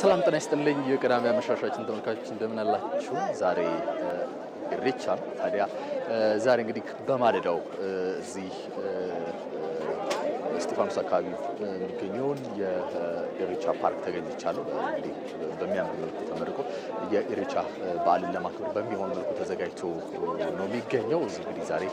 ሰላም ጤና ይስጥልኝ። የቅዳሜ አመሻሻችን ተመልካቾች እንደምን አላችሁ? ዛሬ ኢሬቻ ነው። ታዲያ ዛሬ እንግዲህ በማለዳው እዚህ ፋምስ አካባቢ የሚገኘውን የኢሬቻ ፓርክ ተገኝቻለሁ። እንግዲህ በሚያምር መልኩ ተመርቆ የኢሬቻ በዓልን ለማክበር በሚሆን መልኩ ተዘጋጅቶ ነው የሚገኘው። እዚህ እንግዲህ ዛሬ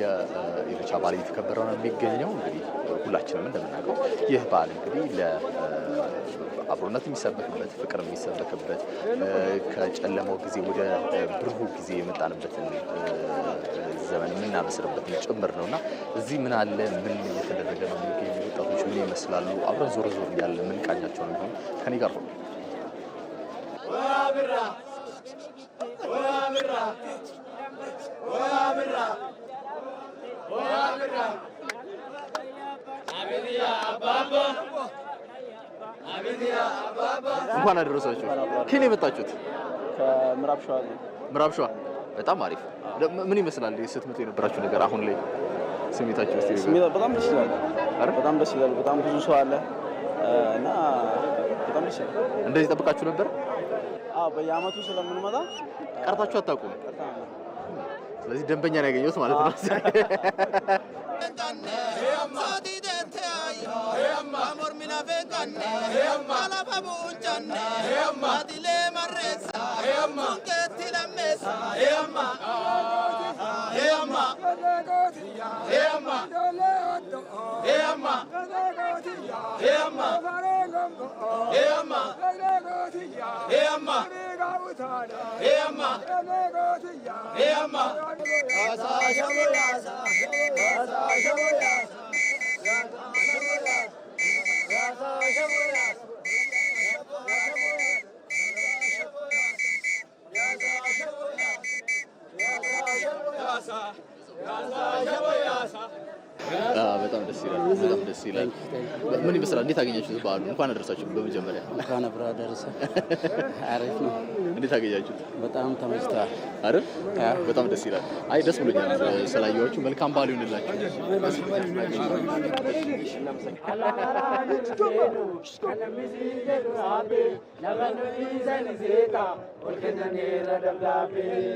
የኢሬቻ በዓል እየተከበረ ነው የሚገኘው። እንግዲህ ሁላችንም እንደምናውቀው ይህ በዓል እንግዲህ ለአብሮነት የሚሰበክበት ፍቅር የሚሰበክበት ከጨለማው ጊዜ ወደ ብርሁ ጊዜ የመጣንበትን የምናበስርበትም ጭምር ነውና እዚህ ምን አለ ምን እየተደረገ ነው የሚገኙ ወጣቶች ምን ይመስላሉ? አብረን ዞር ዞር ያለ ምን ቃኛቸው ነው ከኔ ጋር ሆነ እንኳን አደረሳችሁ። ከኔ የመጣችሁት? ምራብ ሸዋ። ምዕራብ ሸዋ በጣም አሪፍ። ምን ይመስላል ስትመጡ የነበራችሁ ነገር አሁን ላይ ስሜታችሁ? ስ በጣም ደስ ይላል። በጣም ደስ ይላል። በጣም ብዙ ሰው አለ እና በጣም ደስ ይላል። እንደዚህ ጠብቃችሁ ነበር? በየአመቱ ስለምንመጣ ቀርታችሁ አታውቁም። ስለዚህ ደንበኛ ነው ያገኘሁት ማለት ነው። Hey amma. Hey amma. Hey amma. Hey amma. Hey amma. Hey amma. Hey amma. Hey amma. Hey amma. Asa shamu yasa. Asa shamu yasa. Asa shamu yasa. Asa shamu በጣም ደስ ይላል። በጣም ደስ ይላል። ምን ይመስላል? እንዴት አገኛችሁት? በዓሉ እንኳን አደረሳችሁ። በመጀመሪያ እንኳን አብረህ አደረሰ። አሪፍ ነው። እንዴት አገኛችሁት? በጣም ተመችተዋል አይደል? በጣም ደስ ይላል። አይ ደስ ብሎኛል ስላየኋችሁ። መልካም በዓል ይሁንላችሁ።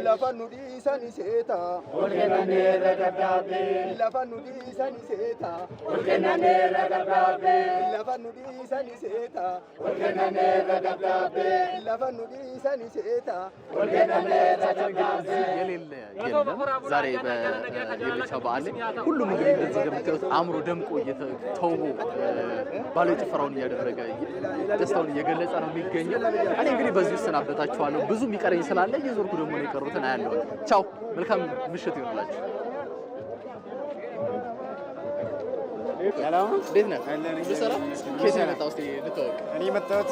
ለፈኑ ዲሰኒ ሴታ nera dabdabe lafa nuti የሌለ የለም። ዛሬ በኢሬቻ በዓል ሁሉም እንግዲህ እንደዚህ እንደምታዩት አእምሮ ደምቆ ተውቦ ባለው ጭፈራውን እያደረገ ደስታውን እየገለጸ ነው የሚገኘው። እኔ እንግዲህ በዚህ እሰናበታችኋለሁ። ብዙ የሚቀረኝ ስላለ እየዞርኩ ደግሞ የቀሩትን አያለሁ። ቻው፣ መልካም ምሽት ይሆንላችሁ። እኔ የመጣሁት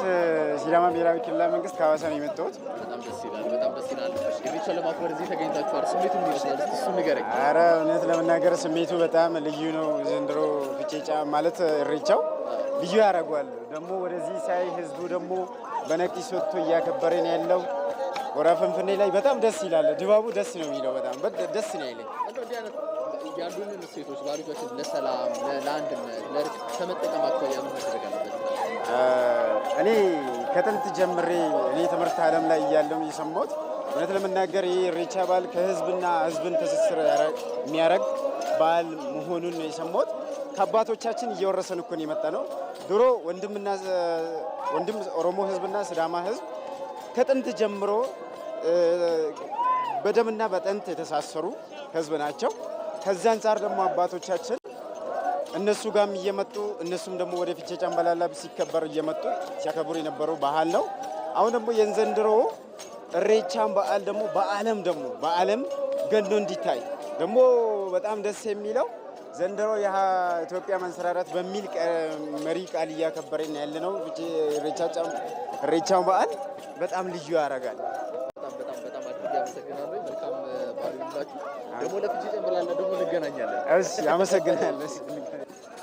ሲዳማ ብሔራዊ ክልላዊ መንግስት ከሀዋሳ ነው የመጣሁት። በጣም ደስ ይላል። በጣም ደስ ይላል። ኢሬቻን ለማክበር እዚህ ተገኝታችኋል። ስሜቱ ምን ይመስላል? እሱ ንገረኝ። ኧረ እውነት ለመናገር ስሜቱ በጣም ልዩ ነው። ዘንድሮ ፍቼጫ ማለት እሬቻው ልዩ ያደርገዋል። ደግሞ ወደዚህ ሳይ ህዝቡ ደግሞ በነቂስ ወጥቶ እያከበረ ነው ያለው ወራ ፍንፍኔ ላይ በጣም ደስ ይላል። ድባቡ ደስ ነው የሚለው። በጣም ደስ ነው ያለኝ። ያሉንን እሴቶች ባልጆችን ለሰላም፣ ለአንድነት፣ ለእርቅ ከመጠቀም አኳያ ምን መደረግ አለበት? እኔ ከጥንት ጀምሬ እኔ ትምህርት ዓለም ላይ እያለሁ እየሰማሁት እውነት ለመናገር ይህ ኢሬቻ በዓል ከህዝብና ህዝብን ትስስር የሚያደርግ በዓል መሆኑን ነው የሰማሁት። ከአባቶቻችን እየወረሰን እኮን የመጣ ነው። ድሮ ወንድምና ወንድም ኦሮሞ ህዝብና ስዳማ ህዝብ ከጥንት ጀምሮ በደምና በጥንት የተሳሰሩ ህዝብ ናቸው። ከዚህ አንጻር ደግሞ አባቶቻችን እነሱ ጋም እየመጡ እነሱም ደግሞ ወደ ፊቼ ጨምበላላ ሲከበር እየመጡ ሲያከብሩ የነበረው ባህል ነው። አሁን ደግሞ የዘንድሮ እሬቻን በዓል ደግሞ በዓለም ደግሞ በዓለም ገኖ እንዲታይ ደግሞ በጣም ደስ የሚለው ዘንድሮ የኢትዮጵያ መንሰራራት በሚል መሪ ቃል እያከበረን ያለነው እሬቻን በዓል በጣም ልዩ ያደርጋል። በጣም በጣም በጣም አድርጌ አመሰግናለሁ። መልካም ባሉላችሁ ደግሞ ለፍቼ ጨምራለሁ። ደግሞ እንገናኛለን። እሺ፣ አመሰግናለሁ።